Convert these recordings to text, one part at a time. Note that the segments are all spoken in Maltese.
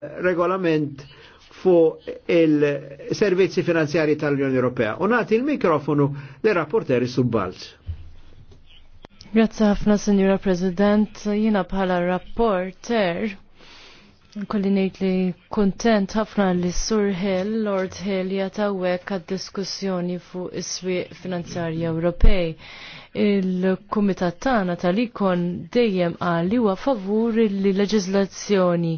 regolament fu il-servizzi finanzjari tal-Unjoni Ewropea. U nagħti il-mikrofonu l-rapporteri Balz. Grazzi ħafna, Sinjura President. Jiena bħala rapporter kolli ngħid li kuntent ħafna li Sur Hill, Lord Hill jatawek għad-diskussjoni fuq is-swieq finanzjarji Ewropej il-Kumitat tagħna tal-ikon dejjem qal li huwa favur li leġiżlazzjoni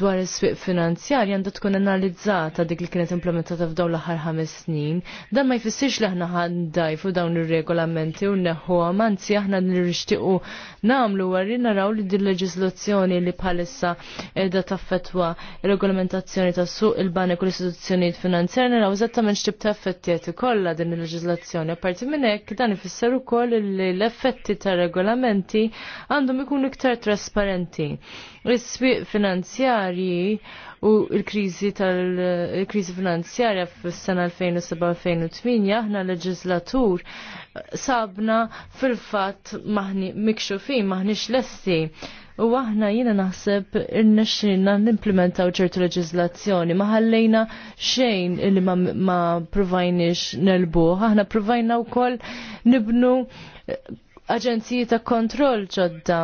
dwar is-swieq finanzjarja għandha tkun analizzata dik li kienet implementata f'dawn l-aħħar ħames snin. Dan ma jfissirx li aħna ħandajfu dawn ir-regolamenti u neħu anzi aħna nirrixtiequ nagħmlu warri naraw li din leġiżlazzjoni li bħalissa qiegħda taffetwa regolamentazzjoni ta' suq il-banek u l-istituzzjonijiet finanzjarji naraw eżattament x'tib ta' effettijiet qed ikollha din il-leġiżlazzjoni. Apparti minn hekk dan ifisser ukoll li l-effetti ta' regolamenti għandhom ikunu iktar trasparenti. Is-swieq finanzjarji finanzjarji u l-kriżi tal-kriżi finanzjarja fis-sena 2007-2008 aħna leġislatur sabna fil-fatt maħni mikxufin maħniex lesti. U aħna jiena naħseb il-nexxina nimplementaw ċertu leġiżlazzjoni, ma ħallejna xejn li ma, provajniex provajnix nelbu, aħna provajna wkoll nibnu aġenziji ta' kontroll ġodda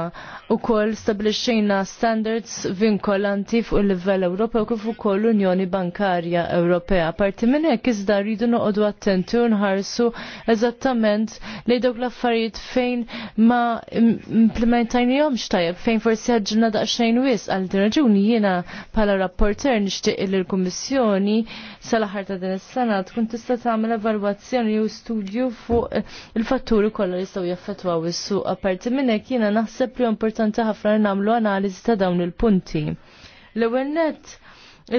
u kol stablixxejna standards vinkolanti fuq il-livell Ewropew kif ukoll l-Unjoni Bankarja Ewropea. Parti minn hekk iżda rridu noqogħdu attenti u nħarsu eżattament lejn dawk l-affarijiet fejn ma implementajnihomx tajjeb fejn forsi ħaġġilna daqsxejn wisq għal din raġuni jiena bħala rapporter nixtieq li kummissjoni sal-aħħar ta' din is-sena tkun tista' tagħmel evalwazzjoni jew studju fuq il-fatturi kollha li jistgħu jaffettwa jaffettwaw is-suq apparti minn hekk jiena naħseb li importanti ħafna nagħmlu analiżi ta' dawn il-punti. L-ewwel net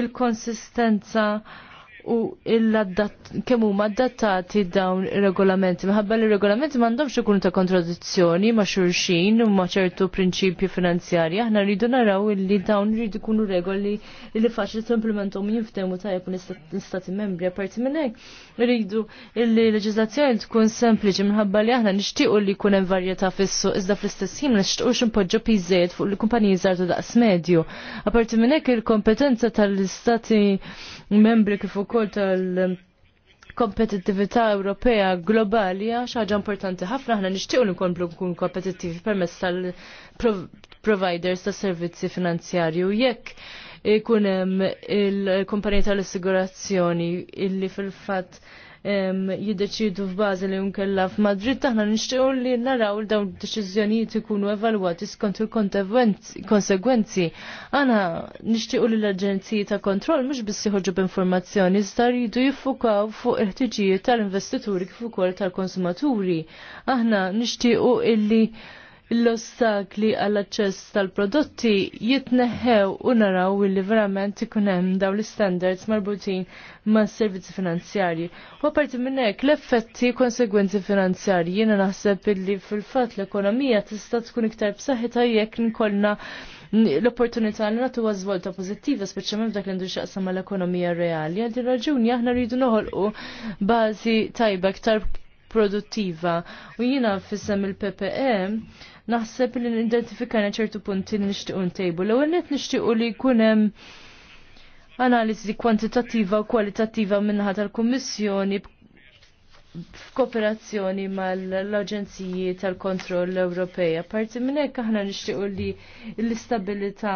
il-konsistenza il konsistenza u kemm huma adattati dawn ir-regolamenti. Minħabba li regolamenti m'għandhomx ikunu ta' kontradizzjoni ma' xulxin u ma' ċertu prinċipji finanzjarji, aħna rridu naraw li dawn rridu jkunu regoli li faċli timplementhom jinftehmu tajjeb l-istati membri. Apparti minn hekk rridu li leġiżlazzjoni tkun sempliċi minħabba li aħna nixtiequ li jkun hemm varjetà fis-suq iżda fl-istess ħin nixtiequx impoġġu piżejjed fuq il-kumpaniji żgħar daqs medju. Apparti minn hekk il-kompetenza tal-istati membri kif ukoll wkoll tal- kompetittività Ewropea globali għax ħaġa importanti ħafna aħna nixtiequ li nkomplu nkun kompetittivi permezz tal-providers ta' servizzi finanzjarju jekk ikun hemm il-kumpanija tal-assigurazzjoni illi fil-fatt jiddeċidu f'bażi li nkella f'Madrid aħna nixtiequ li naraw dawn id-deċiżjonijiet ikunu evalwati skont il-konsegwenzi. Aħna nixtiequ li l-Aġenziji ta' kontroll mhux biss joħorġu b'informazzjoni iżda jidu jiffukaw fuq il-ħtiġijiet tal-investituri kif ukoll tal-konsumaturi. Aħna nixtiequ illi l-ostakli għall-aċċess tal-prodotti jitneħħew u naraw li verament ikun hemm daw l-standards marbutin mas servizzi finanzjarji. U apparti minn hekk l-effetti konsegwenzi finanzjarji jiena naħseb illi fil-fatt l-ekonomija tista' tkun iktar b'saħħitha jekk nkollna l-opportunità li natu żvolta pożittiva speċjalment dak li għandu x'aqsam mal-ekonomija reali. Għandi raġuni aħna rridu noħolqu bażi tajba iktar produttiva. U jiena fissem il ppm naħseb li nidentifikana ċertu punti li nixtiequ ntejbu. L-ewwel net nixtiequ li jkun hemm analiżi kwantitattiva u kwalitattiva minnaħa tal-Kummissjoni f'kooperazzjoni mal-Aġenziji tal-Kontroll Ewropeja. Parti minn hekk aħna nixtiequ li l-istabilità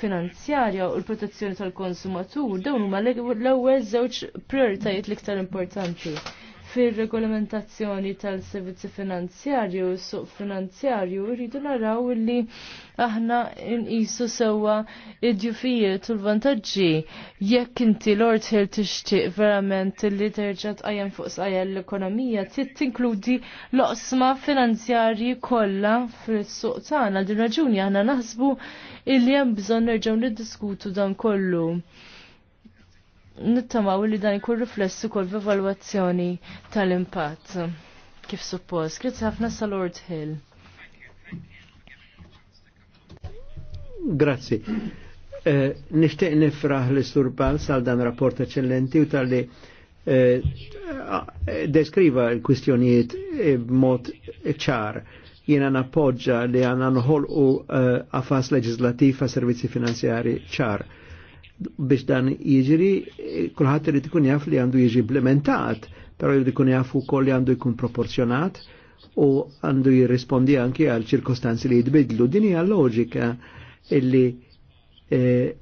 finanzjarja u l-protezzjoni tal-konsumatur dawn huma l-ewwel żewġ prioritajiet l-iktar importanti fil-regolamentazzjoni tal-servizzi finanzjarju, u suq finanzjarju, rridu naraw li aħna nqisu sewwa id-djufijiet u l-vantaġġi. Jekk inti Lord Hill tixtieq verament li terġa' tqajjem fuq sqajja l-ekonomija, trid tinkludi loqsma finanzjarji kollha fis-suq tagħna. Din raġuni aħna naħsbu illi hemm bżonn nerġgħu niddiskutu dan kollu nittamaw li dan ikun riflessu kol f'evalwazzjoni tal-impatt. Kif suppost, kritz ħafna sa Lord Hill. Grazzi. Eh, Nishtiq nifraħ li surpal sal dan rapport eccellenti u tal-li eh, deskriva l-kwistjonijiet eh, b'mod ċar. Jiena nappoġġa li għanna nħolqu għafas eh, leġislativ għas servizzi finanzjari ċar biex dan jiġri kulħadd irid ikun jaf li għandu jiġi implementat, però jrid ikun jaf ukoll li għandu jkun proporzjonat u għandu jirrispondi anki għal ċirkostanzi li jitbidlu. Din hija loġika illi eh,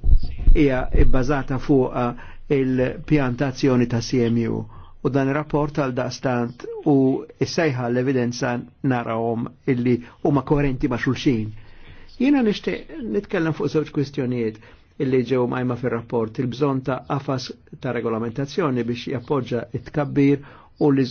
hija e, bbażata fuq il-pjantazzjoni ta' CMU u dan rapport għal daqstant u issejħa l-evidenza narawhom illi huma koerenti ma' xulxin. Jiena nixtieq nitkellem fuq żewġ kwistjonijiet illi ġew majma fil-rapport il-bżon ta' għafas ta' regolamentazzjoni biex jappoġġa it-kabbir u li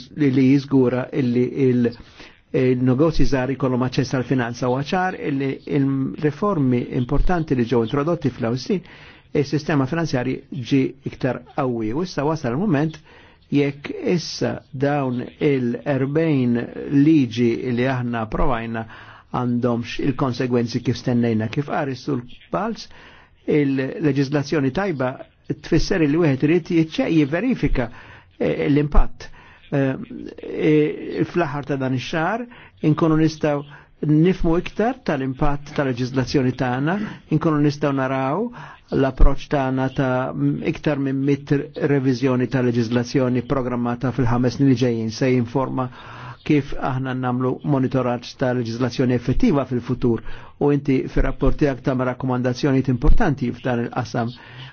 jizgura illi il-negozji żgħar ikollhom aċċess għal finanza u għaċar illi il reformi importanti li ġew introdotti fl awsin il-sistema finanzjari ġi iktar qawwi. U issa wasal il-moment jekk issa dawn il-40 liġi li aħna provajna għandhomx il-konsegwenzi kif stennejna kif għaris l pals il-leġizlazzjoni tajba tfisser li wieħed irid jiċċej verifika eh, l-impatt. Eh, eh, fl-aħħar ta' dan ix-xahar inkunu nistgħu nifmu iktar tal-impatt tal-leġizlazzjoni tagħna, inkunu nistgħu naraw l-approċ tagħna ta' iktar minn mit reviżjoni tal-leġizlazzjoni programmata fil-ħames snin ġejjin se jinforma kif aħna namlu monitoraġġ ta' leġislazzjoni effettiva fil-futur u inti fir-rapport ta' tagħmel rakkomandazzjonijiet importanti f'dan il-qasam.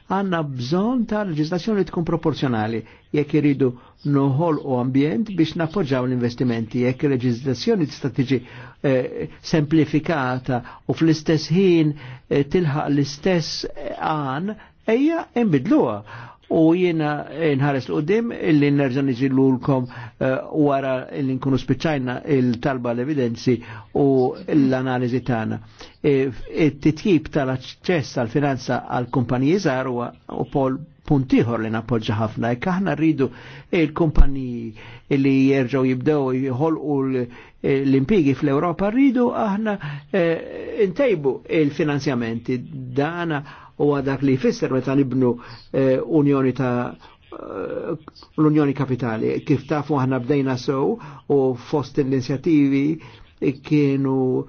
Għandna bżonn ta' leġislazzjoni tkun proporzjonali jekk iridu noħol u ambjent biex nappoġġaw l-investimenti, jekk il-leġislazzjoni tista' eh, semplifikata u fl-istess ħin eh, tilħaq l-istess eh, għan ejja imbidluha u jiena nħares l-qoddim illi nerġa' niġillulkom eh, wara illi nkunu spiċċajna il-talba l-evidenzi u l-analiżi tagħna. E, it-titjib tal-aċċess tal-finanza għal kumpaniji żgħar u pol puntiħor li napoġġa ħafna jekk aħna rridu il-kumpaniji li jerġgħu jibdew jħolqu l-impigi fl-Ewropa rridu aħna intejbu eh, il-finanzjamenti dana u għadak li jfisser meta nibnu eh, unjoni ta' eh, l-Unjoni Kapitali. Kif tafu aħna bdejna sew u fost l-inizjattivi eh, kienu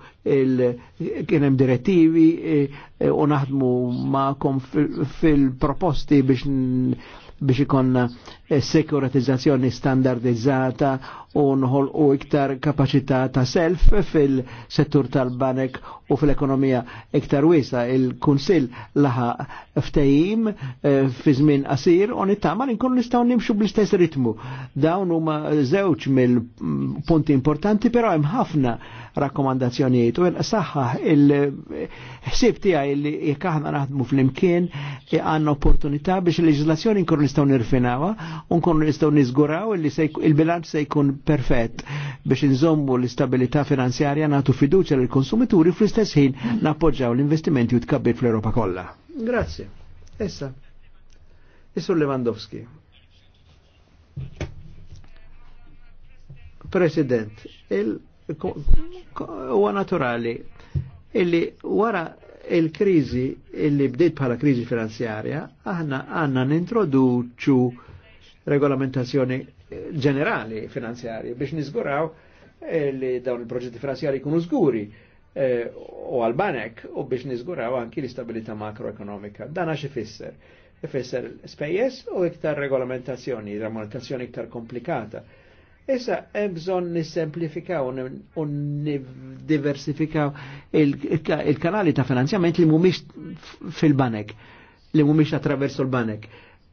kien hemm direttivi u naħdmu kom fil-proposti biex biex ikonna eh, sekuratizzazzjoni standardizzata u nħol u iktar kapacità ta' self fil-settur tal-banek u fil-ekonomija iktar wisa. Il-Kunsil laħa ftejim eh, fi żmien qasir u nittama li nkunu nistgħu nimxu bl-istess ritmu. Dawn huma żewġ mill-punti importanti, però hemm ħafna rakkomandazzjonijiet u saħħaħ il-ħsieb tiegħi li jekk aħna naħdmu fl-imkien eh, għandna opportunità biex il-leġislazzjoni nkunu nistaw nirfinawa u nistaw nizguraw il-bilanċ se jkun perfett biex nżommu l-istabilità finanzjarja natu fiduċa l konsumituri fl-istess ħin nappoġġaw l-investimenti u tkabbir fl-Europa kollha. Grazie. Essa. Isur Lewandowski. President, il huwa naturali illi wara il-krizi illi bdejt bħala krizi finanzjarja, aħna għanna nintroduċu regolamentazzjoni ġenerali finanzjarji biex nizguraw eh, li dawn il-proġetti finanzjarji kunu zguri eh, u għal-banek u biex nizguraw anki l-istabilita makroekonomika. Dan għax ifisser. Ifisser spejjes u iktar regolamentazzjoni, regolamentazzjoni iktar komplikata. Issa, bżon bżonn nissemplifikaw u diversifikaw il-kanali ta' finanzjament li mumiex fil-banek, li mumiex attraverso l-banek.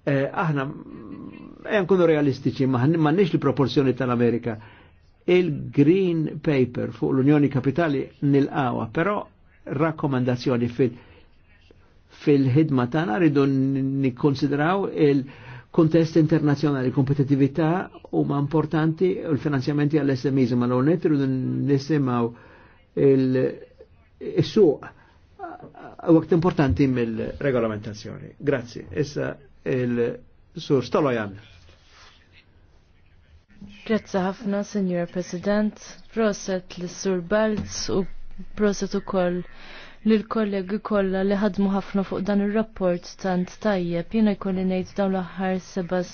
Eh, aħna hemm eh, kunu realistiċi, ma' nix li proporzjoni tal-Amerika. Il-Green Paper fuq l-Unjoni Kapitali nil-għawa, però rakkomandazzjoni fil- ħidma tana rridu nikkonsidraw il- kontest internazjonali, kompetitività huma importanti u l-finanzjamenti għall-SMEs, ma l u nisimaw il-suq u għakt importanti mill-regolamentazzjoni. grazie Issa il-sur Stolojan. Grazie ħafna, Signor President, proset l-sur Balz u proset u koll lill-kollegi kollha li ħadmu ħafna fuq dan ir-rapport tant tajjeb. Jina jkolli ngħid dawn l-aħħar sebas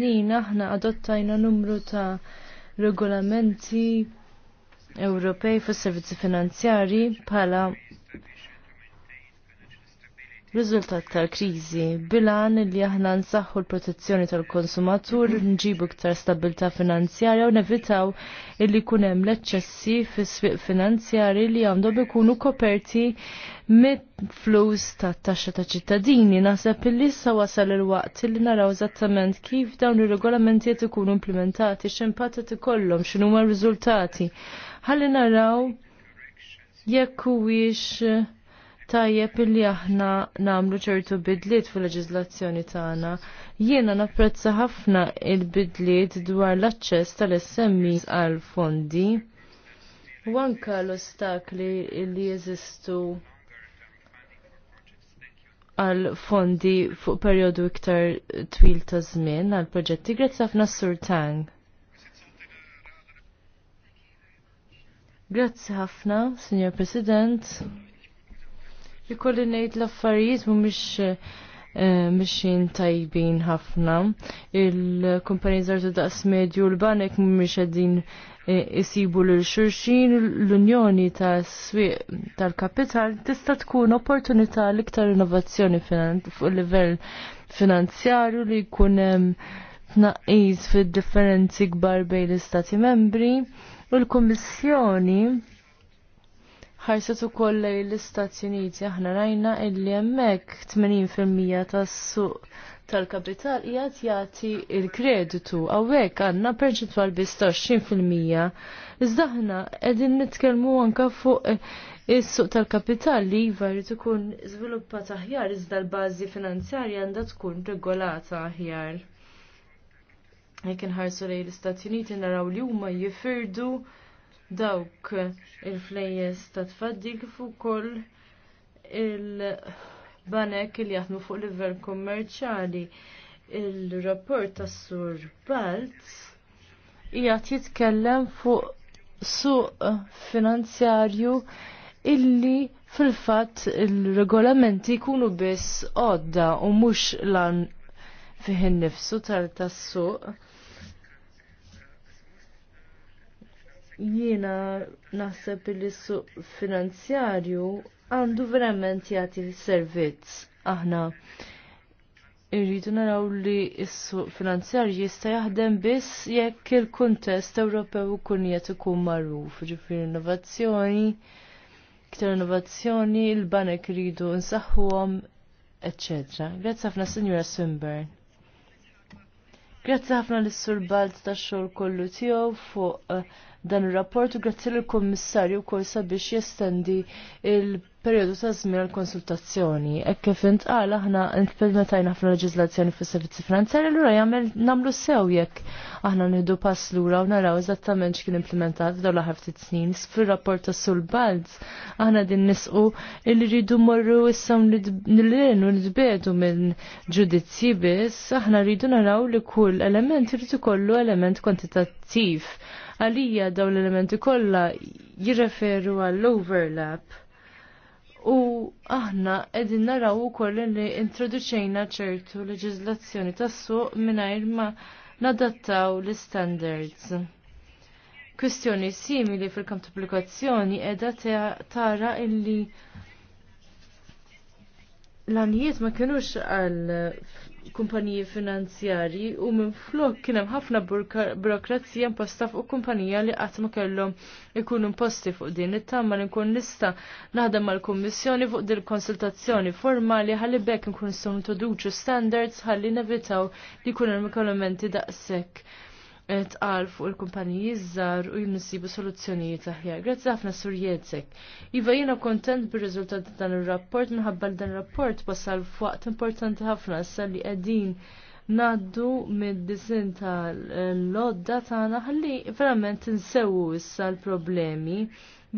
nina aħna adottajna numru ta' regolamenti Ewropej fis servizzi finanzjari bħala Riżultat tal-kriżi bilan li aħna nsaħħu l-protezzjoni tal-konsumatur, nġibu iktar stabilta finanzjarja u nevitaw illi kun hemm l eċessi fis-swieq finanzjari li għandhom ikunu koperti mit-flus tat-taxxa ta' ċittadini. Naħseb illi issa wasal il-waqt li naraw eżattament kif dawn ir-regolamenti qed ikunu implementati, x'impatt qed ikollhom, x'inhuma r-riżultati. Ħalli naraw jekk huwiex tajjeb illi aħna namlu ċertu bidliet fil-leġizlazzjoni tagħna. Jiena napprezza ħafna il-bidliet dwar l-aċċess tal-SMEs għal fondi u anka l-ostakli illi jeżistu għal fondi fuq periodu iktar twil ta' żmien għal proġetti grazzi ħafna Sur Tang. Grazzi ħafna, Signor President. Ikolli ngħid l-affarijiet mhumiex eh, mixin tajbin ħafna. il kumpani zartu daqs medju l-banek mhumiex qegħdin eh, isibu lil xurxin l-unjoni ta' swieq tal-kapital tista' tkun opportunità l-iktar innovazzjoni fuq livell finanzjarju li jkun hemm tnaqqis fid-differenzi kbar bejn l-istati membri u l-Kummissjoni ħarset ukoll l-Istati Uniti aħna rajna illi hemmhekk 80% tas-suq tal-kapital qiegħed jagħti l-kreditu hawnhekk għandna perċentwal biss ta' 20%. Iżda aħna qegħdin nitkellmu anke fuq is-suq tal-kapital li iva jrid ikun żviluppat aħjar iżda l-bażi finanzjarja għandha tkun regolata aħjar. Jekk inħarsu lejn l-Istati Uniti naraw li huma jifirdu dawk il-flejjes ta' tfaddi fuq koll il-banek il jaħdmu fuq livell kommerċali Il-rapport tas Sur Balt jgħat jitkellem fuq suq finanzjarju illi fil-fatt il-regolamenti jkunu biss għodda u mhux lan fiħin nifsu tal-tassuq. jiena naħseb li suq finanzjarju għandu verament jagħti servizz. Aħna irridu naraw li s-suq finanzjarju jista' jaħdem biss jekk il-kuntest Ewropew ikun qed ikun magħruf, ġifier innovazzjoni, iktar innovazzjoni, il-banek iridu nsaħħuhom, etc. Grazzi ħafna Sinjura Swinburne. Grazzi ħafna lis sur Balt tax-xogħol kollu tiegħu fuq eh, dan ir-rapport u grazzi lill-Kummissarju wkoll sabiex jestendi il-perjodu ta' żmien għall-konsultazzjoni. Ek kif intqal aħna implementajna ħafna leġislazzjoni fis-servizzi finanzjarji lura jagħmel nagħmlu sew jekk aħna nieħdu pass lura u naraw eżattament x'kien implementat dawn l-aħħar ftit snin. Fir-rapport ta' Sul Balz aħna din nisqu li rridu morru issa nilin u nitbedu minn ġudizzji biss, aħna rridu naraw li kull element irid ikollu element kwantitattiv Għalija dawn l-elementi kollha jirreferu għall-overlap. U aħna qegħdin naraw ukoll li introduċejna ċertu leġiżlazzjoni tas-suq mingħajr ma nadattaw l-standards. Kwistjoni simili fil-kamp applikazzjoni edha tara illi l-anijiet ma kienux għal kumpaniji finanzjarji u minn flok kien hemm ħafna burokrazija imposta fuq kumpanija li qatt ma kellhom ikunu imposti fuq din it tamma li nkun nista' naħdem mal-Kummissjoni fuq din konsultazzjoni formali ħalli bekk nkun nistgħu introduċu standards ħalli nevitaw li jkun hemm kolomenti daqshekk tqal fuq il-kumpaniji żgħar u jimsibu soluzzjonijiet aħjar. Grazzi ħafna Sur Jedzek. Iva jiena kontent bir-riżultat dan ir-rapport minħabba dan ir-rapport wasal f'waqt importanti ħafna issa li qegħdin naddu mid-disin tal-lodda tagħna ħalli verament insewu issa l-problemi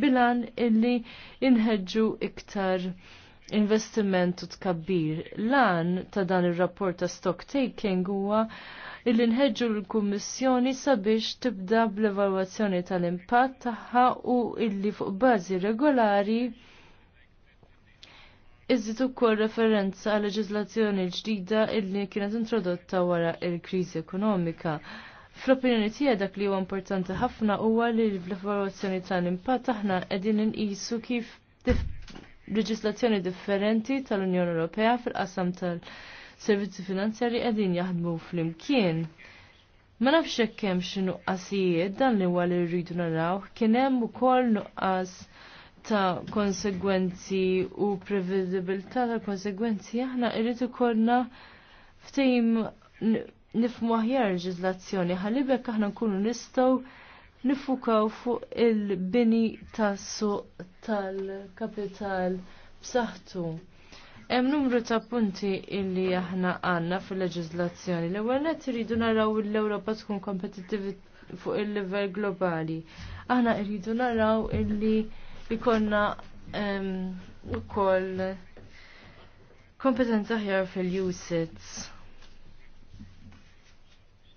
bilan illi inħeġġu iktar investiment u tkabbir. Lan ta' dan ir rapport ta' stock taking huwa illi nħeġġu l-Kummissjoni sabiex tibda bl-evalwazzjoni tal-impatt tagħha u illi fuq bażi regolari Iżid ukoll referenza għal leġiżlazzjoni ġdida illi kienet introdotta wara il-kriżi ekonomika. Fl-opinjoni tiegħi dak li huwa importanti ħafna huwa li fl-evaluazzjoni tal-impatt aħna qegħdin inqisu kif leġislazzjoni differenti tal-Unjoni Ewropea fil-qasam tal-, -qasam tal servizzi finanzjari qegħdin jaħdmu flimkien. Ma nafx hekk hemm nuqqasijiet dan li huwa li rridu naraw kien hemm ukoll nuqqas ta' konsegwenzi u prevedibilità ta' konsegwenzi aħna irrid ikollna ftejm nifmu aħjar ġizlazzjoni ħalibek aħna nkunu nistgħu nifukaw fuq il-bini tassu suq tal-kapital b'saħħtu. Hemm numru ta' punti illi aħna għandna fil-leġiżlazzjoni. L-ewwel qed iridu naraw l-Ewropa tkun kompetittivi fuq il-livell globali. Aħna rridu naraw illi ikonna ehm, ukoll kompetenza ħjar fil-usits.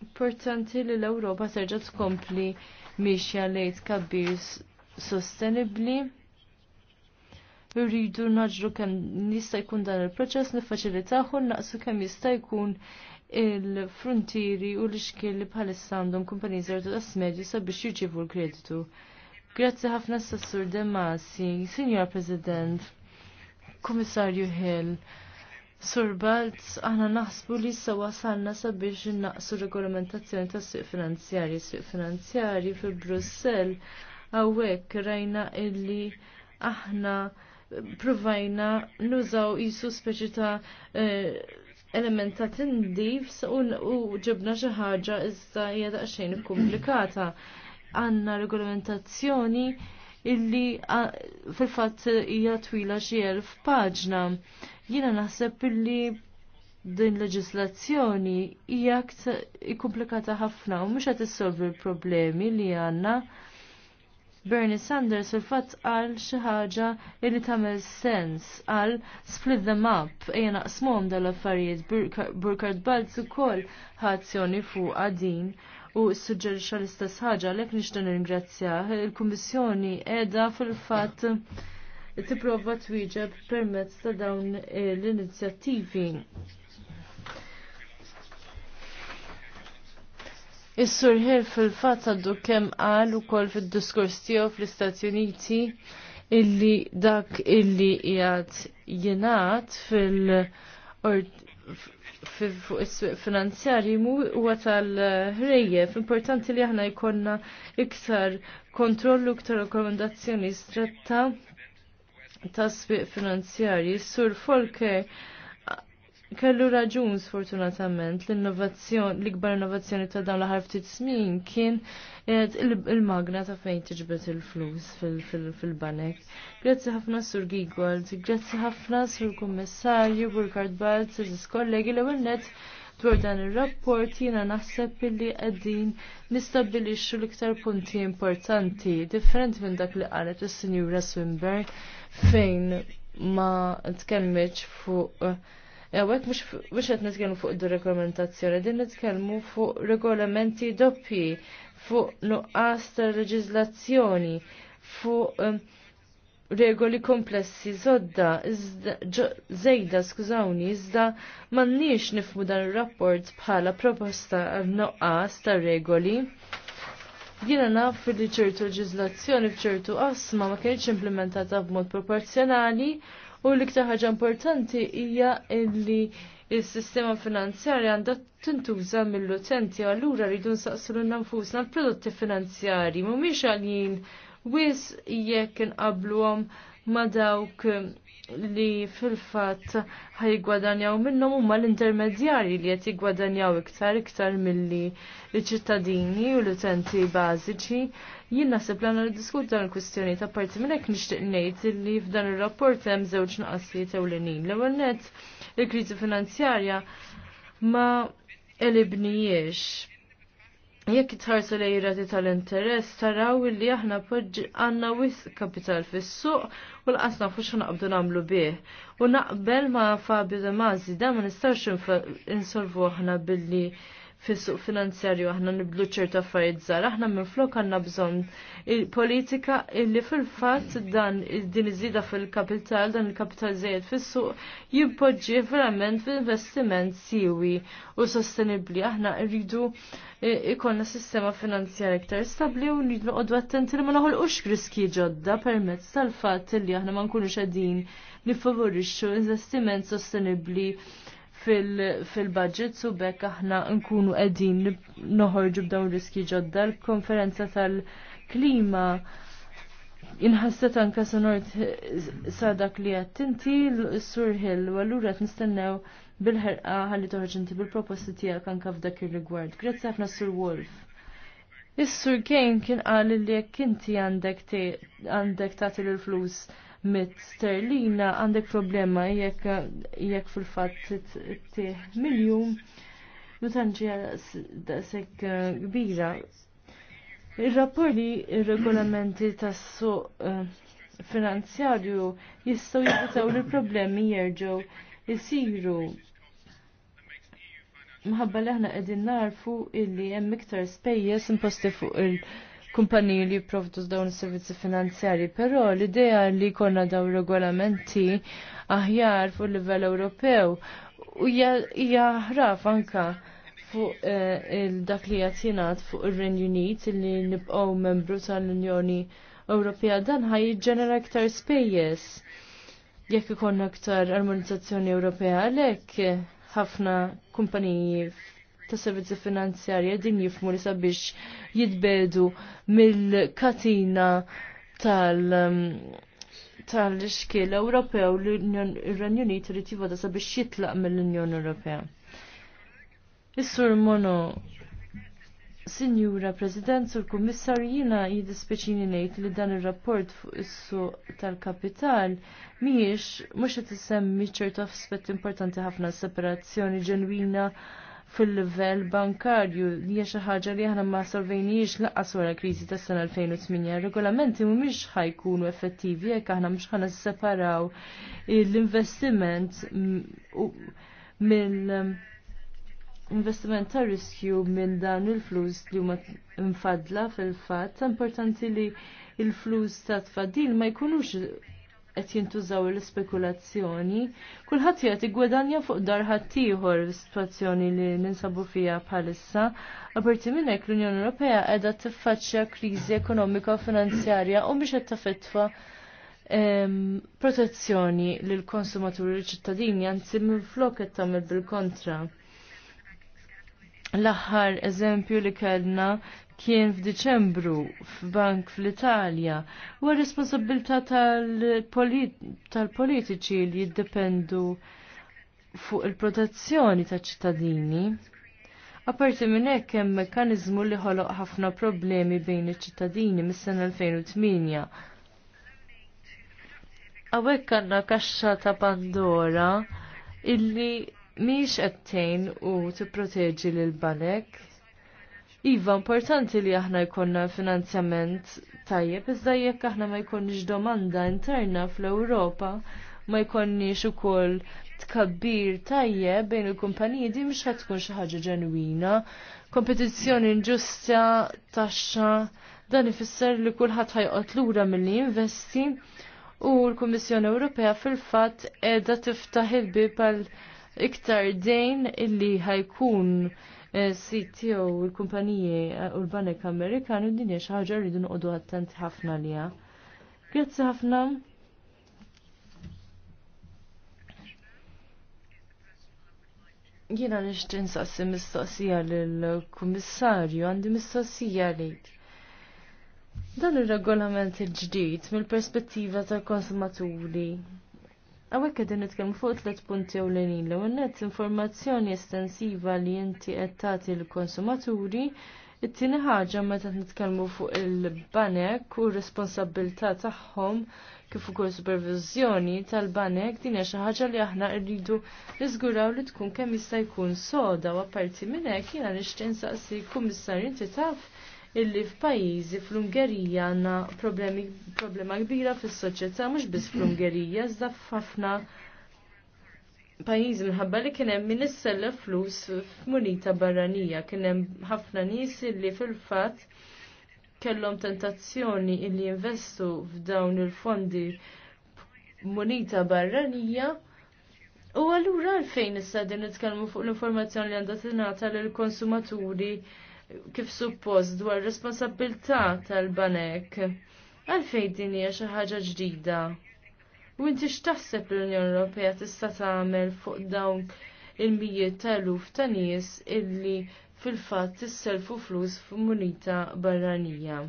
Importanti li l-Ewropa terġa' tkompli mixja lejn kabbir sostenibbli rridu naġru kemm jista' jkun dan il-proċess nifaċilitaħu naqsu kemm jista' jkun il-frontieri u l iskil li bħalissa għandhom kumpaniji żertu tas medju sabiex jirċievu l-kreditu. Grazzi ħafna s-sassur Demasi, Signor President, Komissarju Hill. Sur Balz, għana naħsbu li sa wasalna sabiex naqsu regolamentazzjoni ta' suq finanzjari, suq finanzjari fil Brussel, għawek rajna illi aħna provajna nużaw jisu speċi ta' eh, element ta' tindif u ġibna xi ħaġa iżda hija daqsxejn ikkumplikata. Għandna regolamentazzjoni illi fil-fatt hija twila xi elf paġna. Jiena naħseb illi din leġislazzjoni hija ikkumplikata ħafna u mhux qed issolvi l-problemi li għandna Bernie Sanders fil-fatt qal xi ħaġa li tagħmel sens għal split them up ejja smom dal-affarijiet Burkard Balz ukoll ħazzjoni fuq din u suġġerixxa l-istess ħaġa għalhekk nixtieq ringrazzja il-Kummissjoni qiegħda fil-fatt tipprova twieġeb permezz ta' dawn l-inizjattivi. Is-Sur Hill fil-fatt għaddu kemm qal ukoll fid-diskors tiegħu fl-Istati Uniti illi dak illi qiegħed jingħad fil- fuq is-suq finanzjarji huwa tal-ħrejjef. Importanti li aħna jkollna iktar kontrollu iktar rekomendazzjoni stretta ta' sbiq finanzjarji. Sur Folke kellu raġun sfortunatament l-innovazzjoni, l-ikbar innovazzjoni ta' dawn l-ħar ftit snin kien eh, il-magna ta' fejn tiġbet il-flus fil-banek. Grazzi ħafna Sur Gigwald, grazzi ħafna Sur Kummissarju, Burkard Balz, Ziz kollegi l net dwar dan ir-rapport jiena naħseb li qegħdin nistabilixxu l-iktar punti importanti differenti minn dak li qalet is-Sinjura Swinburne fejn ma tkemmiċ fuq uh, Ewek, mux għet nitkellmu fuq il rekomendazzjoni din nitkellmu fuq regolamenti doppi, fuq nuqqas ta' leġizlazzjoni, fuq ehm, regoli komplessi zodda, zejda, skużawni, iżda mannix nifmu dan il-rapport bħala proposta nuqqas ta' regoli. Jina naf li ċertu leġizlazzjoni f'ċertu qasma ma kienx implementata b'mod proporzjonali U l-iktar ħaġa importanti hija illi il-sistema finanzjarja għandha tintuża mill-utenti allura rridu nsaqslu nfusna l-prodotti finanzjarji mhumiex għaljin wis jekk għom ma dawk li fil-fat ħajgwadanjaw minnhom huma l-intermedjari li qed jiggwadanjaw iktar iktar milli l-ċittadini u l-utenti bażiċi Jien naħseb li għandna diskut dan il-kwistjoni ta' parti minn hekk nixtieq ngħid li f'dan ir-rapport hemm żewġ naqasijiet ewlenin. L-ewwel nett il-kriżi finanzjarja ma elibnijiex. Jekk itħarsu li jirati tal-interess, taraw li aħna għanna wis kapital fis-suq u l-qasna fux naqbdu namlu bih. U naqbel ma Fabio De Mazzi da ma nistax insolvu aħna billi fis-suq finanzjarju aħna nibdlu ċertu affarijiet żgħar, aħna minflok għandna bżonn politika illi fil-fatt dan din iżida fil-kapital, dan il-kapital żejjed fis-suq jimpoġġi verament f'investiment siwi u sostenibbli. Aħna rridu e, ikollna sistema finanzjarja iktar stabbli u rridu noqogħdu attenti li ma naħolqux riski ġodda permezz tal-fatt li aħna ma nkunux qegħdin nifavorixxu investiment sostenibbli fil-budget su u bekk aħna nkunu qegħdin noħorġu b'dawn riski ġodda l-konferenza tal-klima inħasset anka sonort sa dak li qed inti l-Sur Hill u allura qed nistennew bil-ħerqa ħalli toħroġ inti bil-proposti tiegħek anke f'dak ir-rigward. Grazzi ħafna Sur Wolf. Is-Sur Kane kien qal li jekk inti għandek għandek tagħti l-flus mit sterlina għandek problema jekk fil-fatt tih miljum nutanġija sekk eh, kbira. il rapporti il-regolamenti tas-suq eh, finanzjarju jistgħu jibitaw li problemi jerġgħu jisiru. Mħabba li aħna qegħdin narfu illi hemm iktar spejjeż imposti fuq il- kumpaniji li jipprovdu dawn is-servizzi finanzjarji, però l-idea li jkollna dawn regolamenti aħjar fuq livell Ewropew hija ħraf anka fuq eh, dak li jingħad fuq ir-Renju Unit li nibqgħu membru tal-Unjoni Ewropea dan ħaj ġenera iktar spejjeż. Jekk ikonna iktar armonizzazzjoni Ewropea għalhekk ħafna kumpaniji ta' servizzi finanzjarji din jifmu li sabiex jitbedu mill-katina tal- um, tal-xkiel Ewropew l-Iran Unit irid jivada sabiex jitlaq mill-Unjoni Ewropea. Is-Sur Mono Sinjura President, sur Kummissar, jina jidispeċini nejt li dan il-rapport fuq issu tal-kapital miex mux qed isemmi ċertu aspett importanti ħafna separazzjoni ġenwina fil-livell bankarju li hija xi ħaġa li aħna ma solvejniex laqas wara kriżi tas-sena 2008. Regolamenti mhumiex ħajkunu effettivi jekk aħna mhux ħana separaw l-investiment mill investiment ta' riskju minn dan il-flus li huma mfadla fil-fatt importanti li il-flus ta' tfaddil ma jkunux qed jintużaw l-spekulazzjoni, kulħadd jgħid igwadanja fuq dar ħaddieħor is-sitwazzjoni li ninsabu fiha bħalissa. Aperti minn hekk l-Unjoni Ewropea qiegħda tiffaċċja kriżi ekonomika u finanzjarja u biex qed tafetwa ehm, protezzjoni lill konsumaturi u ċittadini għanzi minn flok qed tagħmel bil-kontra. L-aħħar eżempju li kellna kien f'Diċembru f'bank fl-Italja u responsabilità tal-politiċi li jiddependu fuq il-protezzjoni ta' ċittadini. Aparti minn hekk hemm mekkaniżmu li ħoloq ħafna problemi bejn iċ-ċittadini mis-sena 2008. Hawnhekk għandna kaxxa ta' Pandora illi mhix qed tgħin u tipproteġi lil balek. Iva, importanti li aħna jkollna finanzjament tajjeb, iżda jekk aħna ma jkollniex domanda interna fl-Ewropa, ma jkollniex ukoll tkabbir tajjeb bejn il-kumpaniji di mhux qed tkun xi ħaġa ġenwina. Kompetizzjoni inġusta, taxxa, dan ifisser li kulħadd ħajqot lura milli investi, u l-Kummissjoni Ewropea fil-fatt qiegħda tiftaħ il-bib għal iktar dejn illi ħajkun CTO u l kumpanije urbanek Amerikani u dinja xaħġa rridu nqodu attenti ħafna liha. Grazzi ħafna. Jiena nixtieq sassi mistoqsija lill-Kummissarju għandi mistoqsija lejk. Dan ir-regolament il-ġdid mill-perspettiva tal-konsumaturi Għawek għedin nitkellmu fuq tliet punti u l-enin l net informazzjoni estensiva li inti qed tagħti l-konsumaturi, it-tieni ħaġa meta nitkellmu fuq il-banek u r-responsabilità tagħhom kif ukoll supervizjoni tal-banek din hija xi ħaġa li aħna rridu niżguraw li tkun kemm jista' jkun soda u apparti minn hekk jiena nixtieq insaqsi kummissarju inti taf illi f'pajjiżi fl-Ungerija għandna problema kbira fis-soċjetà mhux biss fl-Ungerija iżda f'ħafna pajjiżi minħabba li kien hemm min issellef flus f'munita barranija, kien hemm ħafna nies illi fil-fatt kellhom tentazzjoni illi jinvestu f'dawn il-fondi munita barranija. U allura għalfejn issa din nitkellmu fuq l-informazzjoni li għandha tingħata lill konsumaturi kif suppost dwar responsabilità tal-banek. Għalfejn din hija xi ħaġa ġdida. U inti x'taħseb l-Unjoni Ewropea tista' tagħmel fuq dawn il-mijiet ta' eluf ta' nies illi fil-fatt tisselfu flus f'munita barranija.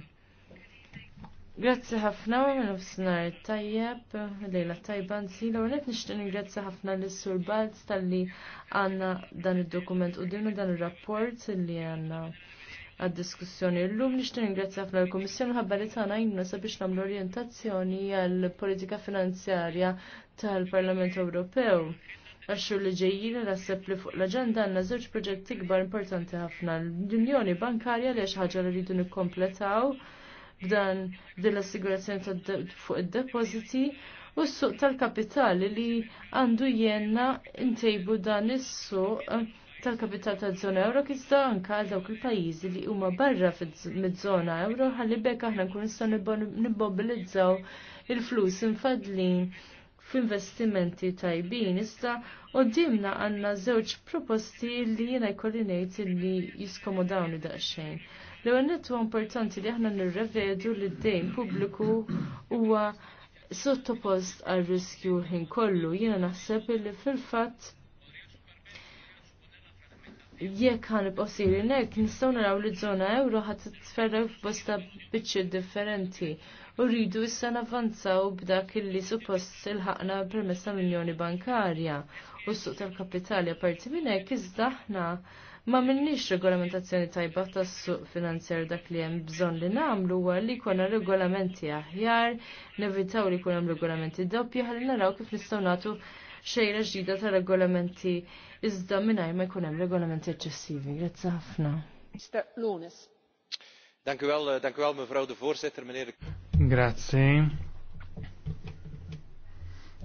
Grazzi ħafna u minn ufsnar tajjeb, lejla tajba nsilu, u net nishtin grazzi ħafna l-Sur Balz tal-li għanna dan il-dokument u dinu dan il-rapport li għanna għad-diskussjoni l-lum nishtin ingrazzja ħafna l-Komissjoni ħabba li tagħna jimna sabiex nagħmlu orjentazzjoni għall politika finanzjarja tal-Parlament Ewropew. Għaxxu li ġejjina naħseb li fuq l agenda għandna żewġ proġetti kbar importanti ħafna. L-Unjoni Bankarja li xi ħaġa li rridu nikkompletaw b'dan din l-assigurazzjoni fuq id depoziti u s-suq tal-kapitali li għandu jenna intejbu dan is-suq tal-kapital tal-żona euro kizda anka għal dawk il-pajjiżi li huma barra mid-żona euro ħalli bekk aħna nkun nistgħu nibbobilizzaw il-flus infadlin f'investimenti tajbin. Issa qudiemna għandna żewġ proposti li jiena jkolli ngħid li jiskomodawni daqsxejn. L-ewwel nett huwa importanti li aħna nirrevedu li d-dejn pubbliku huwa sottopost għal riskju ħin kollu. Jiena naħseb li fil-fatt jekk ħan possili nek, nistaw naraw li zona euro ħat f f'bosta bieċi differenti. U rridu issa navanzaw b'dak illi suppost il-ħakna permessa miljoni bankarja u s-suq tal-kapitali apparti minn hekk iżda aħna ma minnix regolamentazzjoni tajba tas suq finanzjar dak li hemm bżonn li nagħmlu huwa li jkollna regolamenti aħjar, nevitaw li kuna regolamenti regolamenti għal ħalli naraw kif nistgħu nagħtu xejra ġdida ta' regolamenti iżda mingħajr ma jkun hemm regolamenti eċċessivi. Grazzi ħafna. Mr. Lunes. Eh, dank u wel, mevrouw de voorzitter, meneer Grazie.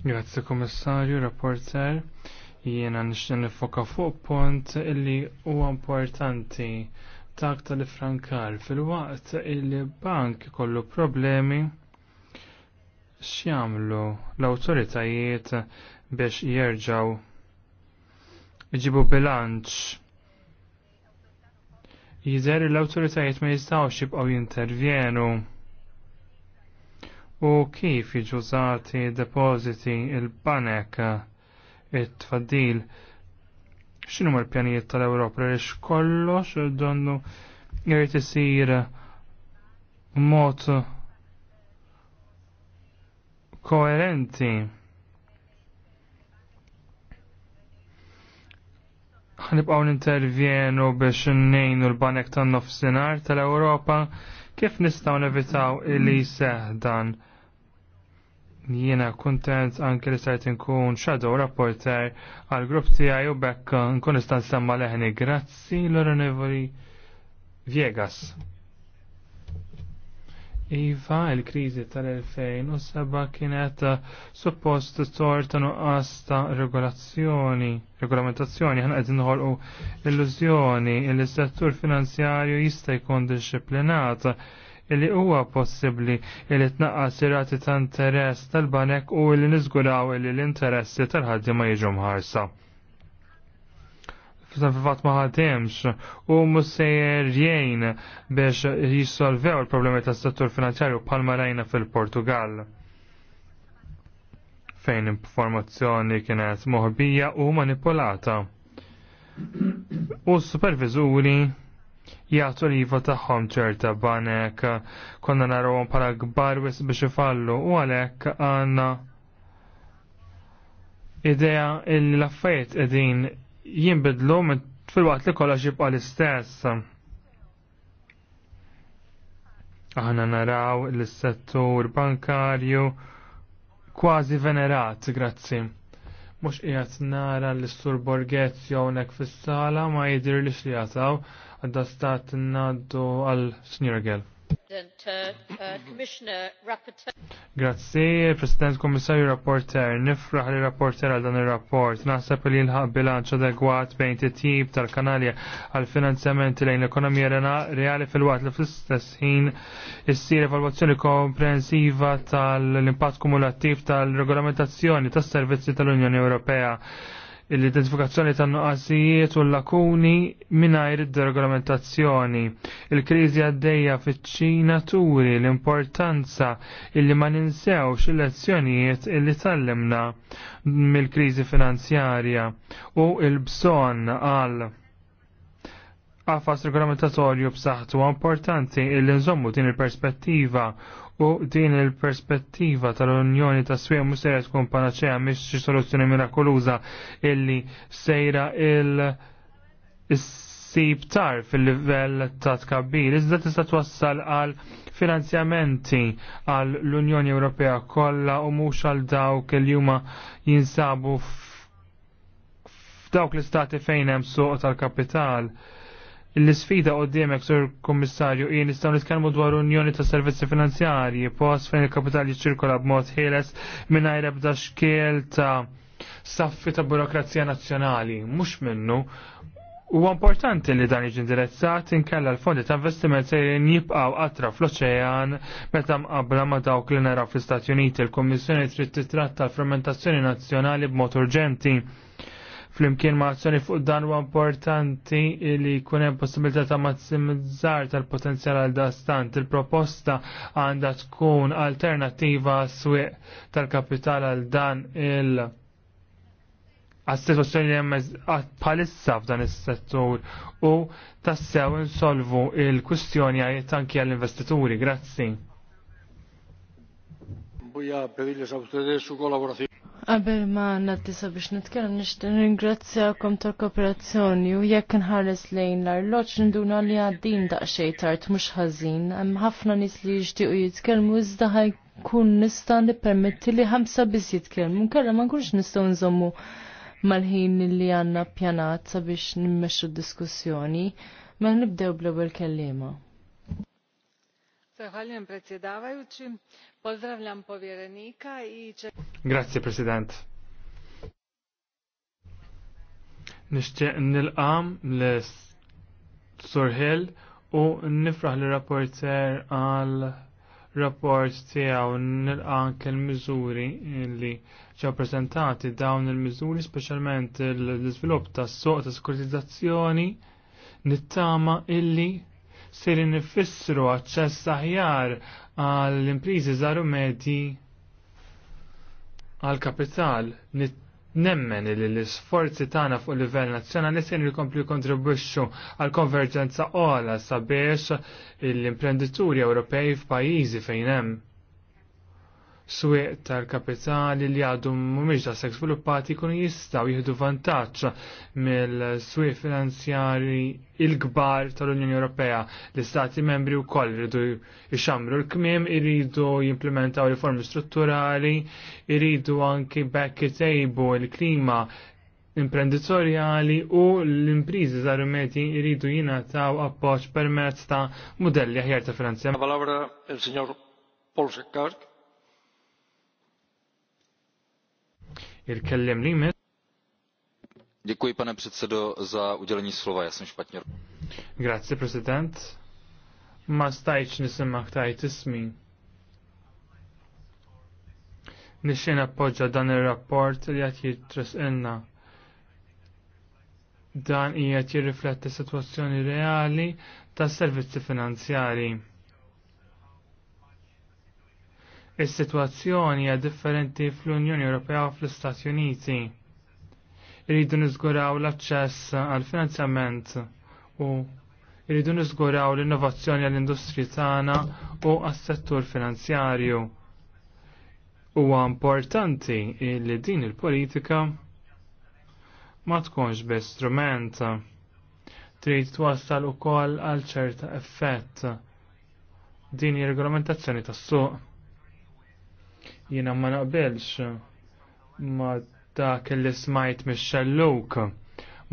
Grazie commissario, rapporteur. Jiena nixtieq nifoka fuq pont illi huwa importanti tak tal-Frankar fil-waqt il-bank kollu problemi X'jamlu l-awtoritajiet biex jerġaw iġibu bilanċ. Jider l-autoritajiet ma jistawx jibqaw jintervjenu u kif jiġużati depoziti il-banek it-tfaddil ma l-pjanijiet tal-Ewropa għaliex kollox donnu jrid isir mot koerenti. ħanibqaw nintervjenu biex nejnu l-banek tan nofsinar tal-Europa kif nistaw nevitaw illi seħdan. Jiena kontent anke li sajt nkun shadow rapporter għal grupp tiegħi u bekk nkun nista' nsemma leħni grazzi l-onorevoli Viegas. Iva, il-krizi tal-2007 kienet suppost tort nuqqas ta' regolazzjoni, regolamentazzjoni, ħana għedin nħolqu illużjoni il-settur finanzjarju jista' jkun disciplinat illi huwa possibbli illi tnaqqas irati ta' interess tal-banek u illi niżguraw illi l-interessi tal ma jiġu mħarsa fil-fat maħatemx u mussejer jgħin biex jissolvew il-problemi tas settur finanzjarju palma rajna fil-Portugal fejn informazzjoni kienet moħbija u manipolata. U supervizuri jgħatu riva taħħom ċerta banek konna narawhom pala gbar biex ifallu u għalhekk għandna idea il-laffajt edin jinbidlu fil-waqt li kollox jibqa' l-istess. Aħna naraw l-settur bankarju kważi venerat, grazzi. Mux qiegħed nara l-istur Borghet hawnhekk fis-sala ma jidhir li jataw għadda stat ngħaddu għal Snirgel. Grazzi, President Komissarju Rapporter, nifraħ li rapporter għal dan il-rapport. Naħseb li l-ħab bilanċ adegwat bejn titjib tal-kanali għal finanzjamenti lejn l-ekonomija reali fil-wat li fl-istess ħin issir evalwazzjoni komprensiva tal-impatt kumulattiv tal-regolamentazzjoni tas-servizzi tal-Unjoni Ewropea l-identifikazzjoni ta' nuqqasijiet u l-lakuni mingħajr id-deregolamentazzjoni. Il-kriżi għaddejja fiċ-Ċina turi l-importanza illi ma ninsewx il-lezzjonijiet illi tallimna mill-kriżi finanzjarja u l-bżonn għal għafas regolamentatorju b'saħħtu importanti illi nżommu din il-perspettiva u din il-perspettiva tal-Unjoni ta' Swija mhux sejra tkun panaċea mhix xi soluzzjoni mirakoluża illi sejra il sib tar fil-livell ta' tkabbir, iżda tista' twassal għal finanzjamenti għal l-Unjoni Ewropea kollha u mhux għal dawk li huma jinsabu f'dawk l-istati fejn hemm suq tal-kapital l-sfida għoddimek, sur kommissarju, jien nistaw nitkellmu dwar unjoni ta' servizzi finanzjarji, post fejn il-kapital jiċirkola b'mod ħieles mingħajr ebda xkiel ta' saffi ta' burokrazija nazzjonali, mhux minnu. U importanti li dan jiġi indirizzat inkella l-fondi ta' investiment se jibqaw qatra fl-oċean meta mqabbla ma' dawk li naraw fl-Istati Uniti. l kommissjoni trid titratta l-fermentazzjoni nazzjonali b'mod urġenti flimkien ma' azzjoni fuq dan huwa importanti li jkun hemm possibilità ta' massimizzar tal-potenzjal għal dastant. Il-proposta għandha tkun alternativa swieq tal-kapital għal dan il- għas-situazzjoni li hemm bħalissa f'dan is-settur u tassew insolvu il-kwistjoni għajiet anki għall-investituri. Grazzi. Buja, pedilles a ustedes su Għabel ma nattisa biex nitkellem nixtieq ringrazzjakom ta' kooperazzjoni u jekk nħares lejn l arloċ nduna li għaddin daqsxejn tard mhux ħażin. Hemm ħafna nis li jixtiequ jitkellmu iżda ħajkun nista' nippermetti li ħamsa biss jitkellmu. Nkella ma nkunx nistgħu nżommu mal-ħin li għandna ppjanat sabiex nimmexxu d-diskussjoni. ma nibdew bl-ewwel kelliema. Zahvaljujem predsjedavajući. Pozdravljam povjerenika i... Grazie, president. Nishtiq nil-qam l u nifraħ l-rapporter għal rapport tiegħu nilqa' anke l-miżuri li ġew preżentati dawn il-miżuri speċjalment l-iżvilupp tas-suq ta' sekuritizzazzjoni nittama illi ser nifissru aċċess aħjar għall impriżi żaru medji għal kapital nemmen li l-isforzi tagħna fuq livell nazzjonali se jkomplu jkontribwixxu għal konverġenza ola sabiex l imprenditurja Ewropej f'pajjiżi fejn hemm swieq tal-kapitali li għadu mhumiex da sekk sviluppati jkunu jistgħu jieħdu vantaġġ mill-swieq finanzjari il-kbar tal-Unjoni Ewropea. L-Istati membri wkoll iridu jxamru l-kmiem, iridu jimplementaw riformi strutturali, iridu anki bekk tejbu il-klima imprenditorjali u l-imprizi zaru meti iridu jina taw appoċ permezz ta' modelli ħjar ta' Franzja. il-signor Paul il Děkuji, pane předsedo, za udělení slova. Já jsem špatně. Grazie, president. Ma stajċ nisimak tajt ismi. Nixin appoġġa dan il-rapport li għat jitresqinna. Dan ijat jirrifletti situazzjoni reali ta' servizzi finanzjari. Is-sitwazzjoni hija differenti fl-Unjoni Ewropea u fl-Istati Uniti. Iridu niżguraw l-aċċess għal finanzjament u rridu niżguraw l-innovazzjoni għall industri tagħna u għas-settur finanzjarju. Huwa importanti li din il-politika ma tkunx bi strument trid twassal ukoll għal ċerta effett din ir-regolamentazzjoni tas-suq Jiena ma naqbelx ma dak kelli smajt mis xelluk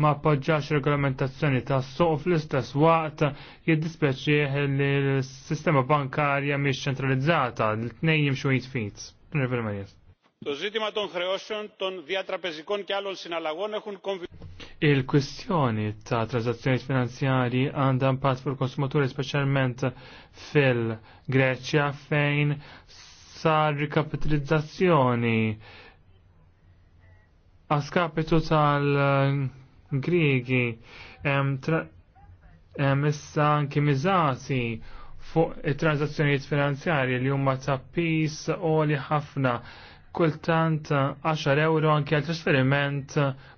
ma appoġġax regolamentazzjoni ta' suq fl-istess waqt jiddispeċieħ li l-sistema bankarja mhix ċentralizzata, l-tnejn jimxu jitfit. Το ζήτημα των χρεώσεων των διατραπεζικών και άλλων συναλλαγών έχουν Il-kwistjoni ta' transazzjoni finanzjari għandha impatt fuq il-konsumaturi speċjalment fil-Greċja fejn sa rikapitalizzazzjoni skapitu tal grigi issa anki miżati fuq it-transazzjonijiet finanzjarji li huma ta' pis oli ħafna kultant 10 euro anki għal trasferiment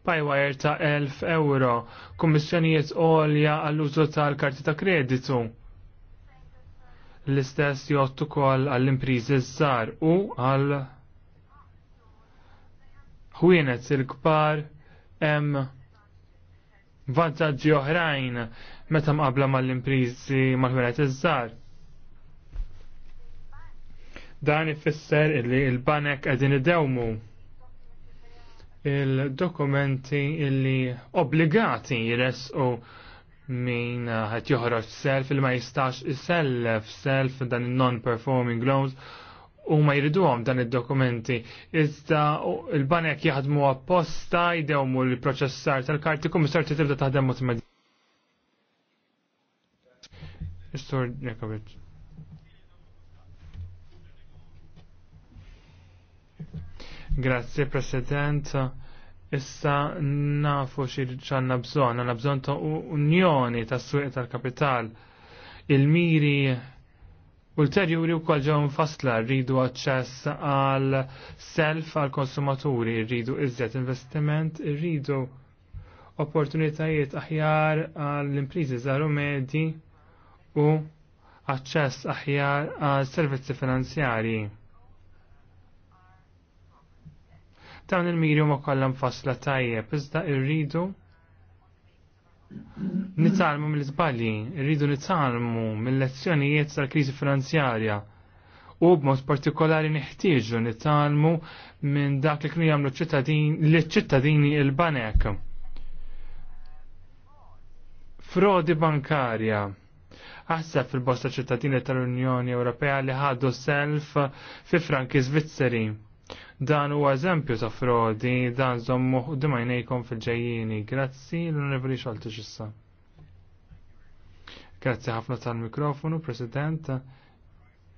by wire ta' 1000 euro, kummissjonijiet olja għall-użu tal-karti ta' kreditu. L-istess jottu kol għall-imprizi żżar u għall ħwienet il-kbar hemm vantaġġi oħrajn meta mqabla mal-imprizi mal-ħwienet iż-żgħar. Dan ifisser illi il-banek qegħdin idewmu il-dokumenti illi obbligati jresqu min eh, ħat joħroġ self il ma jistax self self dan il-non-performing loans u ma jriduhom dan id-dokumenti. Iżda il-banek jaħdmu apposta jdewmu l-proċessar tal-karti kum sorti tibda taħdem mutmed. Istor Nekovic. Grazie President. Issa nafu xirċanna bżonn, għandna bżonn ta' unjoni tas s tal-kapital. Il-miri ulterjuri wkoll ġew fasla rridu aċċess għal self għal konsumaturi, rridu izzet investiment, rridu opportunitajiet aħjar għall impriżi żaru medji u aċċess aħjar għal servizzi finanzjarji Dan il-miri ma kollam fasla tajjeb, iżda irridu nitalmu mill-izbalji, irridu nitalmu mill-lezzjonijiet tal-krizi finanzjarja u b'mod partikolari niħtieġu nitalmu minn dak li kienu jagħmlu l-ċittadini il-banek. Frodi bankarja. Aħseb fil-bosta ċittadini tal-Unjoni Ewropea li ħadu self fi franki Zvizzeri. Dan huwa eżempju ta' frodi, dan d dimajnejkom fil-ġejjini. Grazzi l-Onorevoli xaltu xissa. Grazzi ħafna tal-mikrofonu, President.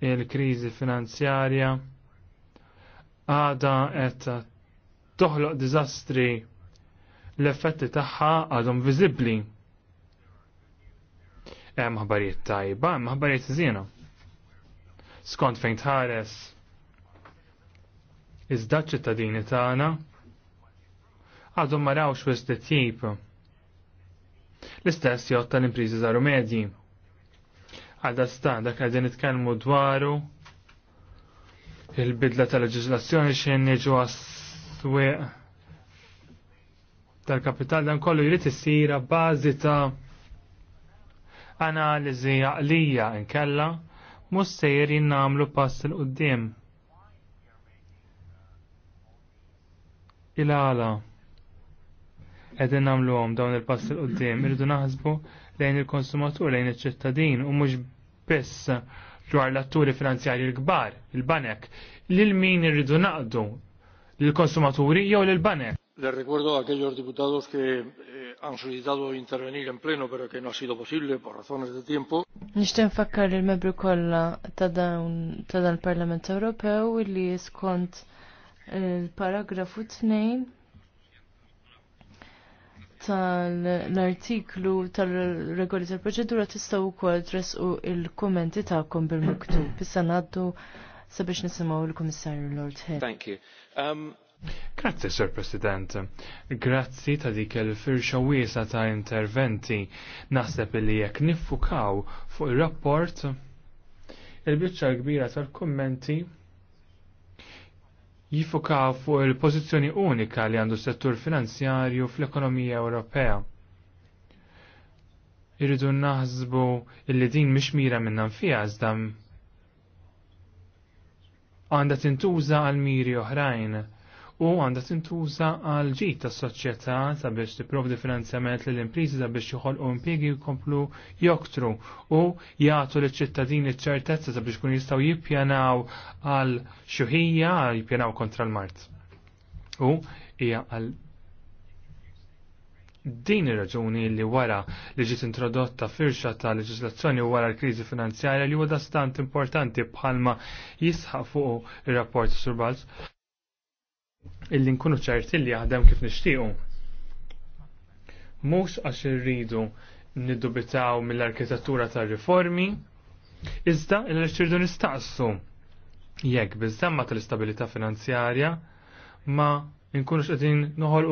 Il-krizi finanzjarja għada qed toħloq diżastri l-effetti tagħha għadhom viżibbli. Hemm ħbarijiet tajba, hemm ħbarijiet żiena. Skont fejn tħares Iżda ċittadini tagħna għadhom ma rawx wisq tip. L-istess jgħod tal-impriżi żaru medji. Għadda stan dak qegħdin nitkellmu dwaru il-bidla tal-leġiżlazzjoni xejn jiġu għas-swieq tal-kapital dan kollu jrid isir bażi ta' analiżi għaqlija nkella mhux sejrin nagħmlu pass il qudiem il-għala edin namlu għom dawn il-pass il-qoddim, irridu naħsbu lejn il-konsumatur, lejn il-ċittadin, u mux biss dwar l-atturi finanzjari l-kbar, il-banek, lil min irridu naqdu, l-konsumaturi jew l-banek. Le recuerdo a aquellos diputados que eh, han solicitado intervenir en pleno pero que no ha sido posible por razones de tiempo. Nishtem fakkar il-membru kollha ta' dan il-Parlament Ewropew li skont il-paragrafu 2 tal-artiklu tal-regoli tal-proċedura tistaw ukoll u il-kommenti tagħkom bil-miktub. Issa ngħaddu sabiex nisimaw il komissarju Lord Hill. Thank you. Um... Grazzi, Sir President. Grazzi ta' dik il-firxa wiesa ta' interventi. Naħseb li jekk niffukaw fuq ir il rapport il-biċċa kbira tal-kommenti jifukaw fuq il-pożizzjoni unika li għandu settur finanzjarju fl-ekonomija Ewropea. Irridu naħsbu illi din mhix mira minnan fija iżda għandha tintuża għal miri oħrajn u għandha tintuża għal ġid tas-soċjetà sabiex tipprovdi finanzjament lill impriżi sabiex joħolqu impjiegi jkomplu joktru u jagħtu liċ ċittadini ċertezza sabiex kun jistgħu jippjanaw għal xuħija jippjanaw kontra l-mart. U hija għal din ir-raġuni li wara li ġiet introdotta firxa ta' leġislazzjoni wara l-kriżi finanzjarja li huwa stant importanti bħalma jisħaq fuq ir-rapport Surbalz illi nkunu ċerti li jaħdem kif nixtiequ. Mhux għax irridu niddubitaw mill-arkitettura tar-riformi, iżda li xirdu nistaqsu jekk biżamma tal istabilita finanzjarja ma nkunux qegħdin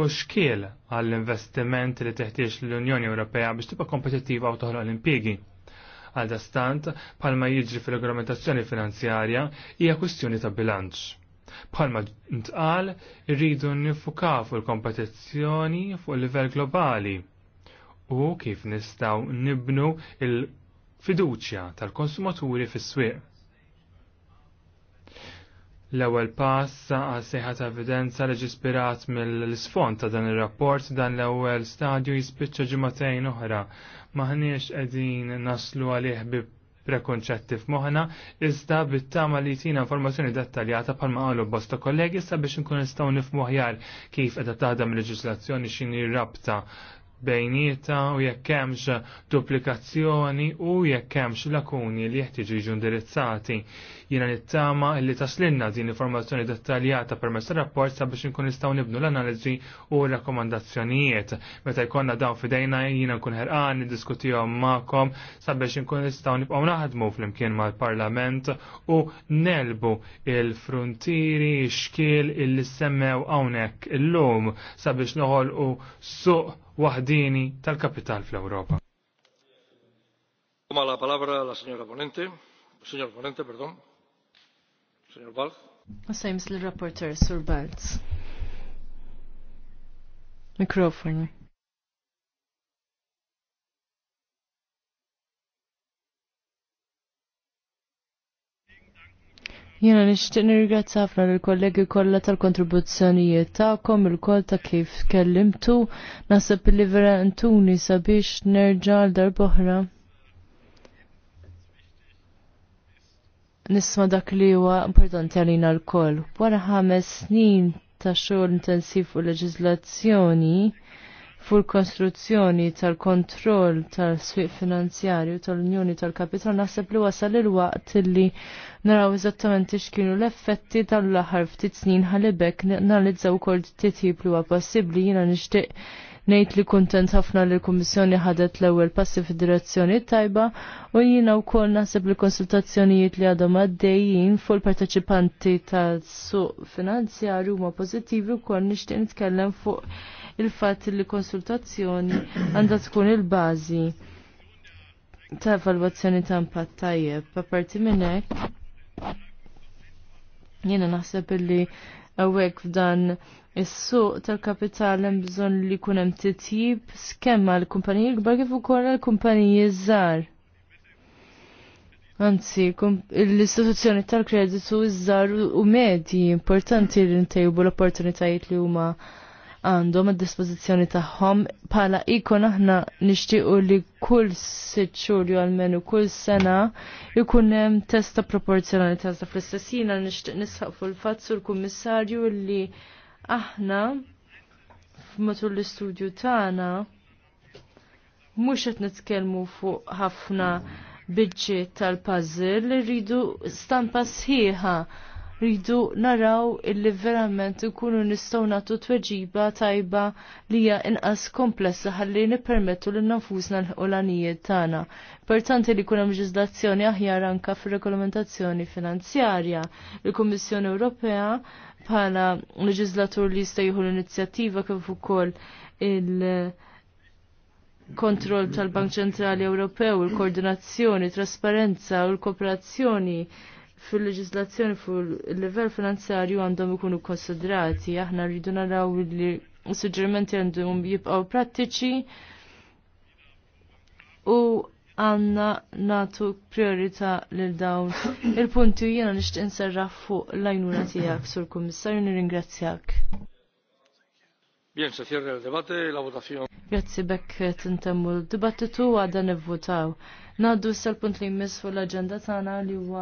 u xkiel għall-investiment li teħtiex l-Unjoni Ewropea biex tibqa' kompetittiva u toħloq l-impjiegi għal dastant palma jiġri fil-regolamentazzjoni finanzjarja hija kwistjoni ta' bilanċ. Bħalma ntqal, irridu nifukaw fuq il-kompetizzjoni fuq il-livell globali u kif nistaw nibnu il-fiduċja tal-konsumaturi fis-swieq. L-ewwel pass għal seħħa ta' evidenza li ġispirat mill-isfond ta' dan ir-rapport dan l-ewwel stadju jispiċċa ġimagħtejn oħra. Maħniex qegħdin naslu għalih bib prekonċetti f'moħna, iżda bit-tama li jtina informazzjoni dettaljata palma għalu bosta kollegi, sabiex biex nkun nistaw nifmu kif edha taħdem leġislazzjoni xini rabta bejnieta u jekk hemmx duplikazzjoni u jekk hemmx lakuni li jeħtieġu jiġu indirizzati. Jiena nittama li taslinna din informazzjoni dettaljata permezz rapport sabiex inkun nistgħu nibnu l-analiżi u rakkomandazzjonijiet. Meta jkollna dawn fidejna jiena nkun ħerqan niddiskutihom magħkom sabiex inkun nistgħu nibqgħu naħdmu flimkien mal-Parlament u nelbu il-frontieri xkiel illi semmew hawnhekk illum sabiex noħolqu suq waħdini tal-kapital fl europa Toma la palabra la signora Ponente, signor Ponente, perdon, signor Balz. Għasajms l-rapporter, Sur Balz. Mikrofoni. Jena nishtiq nirgrazza ħafna l-kollegi kollha tal-kontribuzzjonijiet tagħkom il-koll ta' kif kellimtu naħseb li vera ntuni sabiex nerġa' l darb'oħra. Nisma dak li huwa importanti għalina l-koll. Wara ħames snin ta' xogħol intensiv u leġiżlazzjoni fuq kostruzzjoni tal-kontroll tal-swieq finanzjarju tal-Unjoni tal-Kapital naħseb li wasal il-waqt li naraw eżattament x'kienu l-effetti tal-aħħar ftit snin ħalibek nanalizzaw ukoll titjib li huwa possibbli jiena nixtieq ngħid li kuntent ħafna li l-Kummissjoni ħadet l-ewwel passi fid-direzzjoni tajba u jiena wkoll naħseb li konsultazzjonijiet li għadhom għaddejjin fuq il-parteċipanti tas-suq finanzjarju huma pożittivi wkoll nixtieq nitkellem fuq il fat li konsultazzjoni għandha tkun il-bażi ta' evalwazzjoni ta' impatt tajjeb. Apparti minn hekk jiena naħseb li għawek f'dan Is-suq tal-kapital hemm bżonn li jkun hemm titjib skemma l-kumpaniji kbar kif ukoll l-kumpaniji żgħar. Anzi, l-istituzzjoni tal-kreditu iż-żgħar u medji importanti li ntejbu l-opportunitajiet li huma għandhom id-dispożizzjoni tagħhom bħala ikun aħna nixtiequ li kull sitt xhur jew almenu kull sena ikun hemm testa proporzjonalità ta' fl-istess jiena nixtieq nisħaq fuq il-fatt sur kummissarju li aħna matul l-istudju tagħna mhux qed nitkellmu fuq ħafna biġġiet tal li rridu stampa sħiħa rridu naraw illi verament ikunu nistgħu nagħtu tweġiba tajba li hija inqas komplessa ħalli nippermettu lil nafusna l-ħolanijiet tagħna. Pertant li jkun hemm leġiżlazzjoni aħjar anke fir-regolamentazzjoni finanzjarja. Il-Kummissjoni Ewropea bħala leġislatur li jista' jieħu l-inizjattiva kif ukoll il- kontroll tal-Bank Ċentrali Ewropew, il-koordinazzjoni, trasparenza u l-kooperazzjoni fil-leġislazzjoni fil-level finanzjarju għandhom ikunu konsidrati. Aħna rridu naraw li suġġerimenti għandhom jibqaw prattiċi u għanna natu priorita lil dawn. Il-punti jena nishtiq nserraf fuq l ajnuna tijak sur kummissarju nir-ingrazzjak. Bien, se cierra il debate, la votazione. Grazie Beck, tintemmu l-dibattitu għadha nivvotaw. Naddu s-sal punt li jmiss fuq l-agenda tagħna li huwa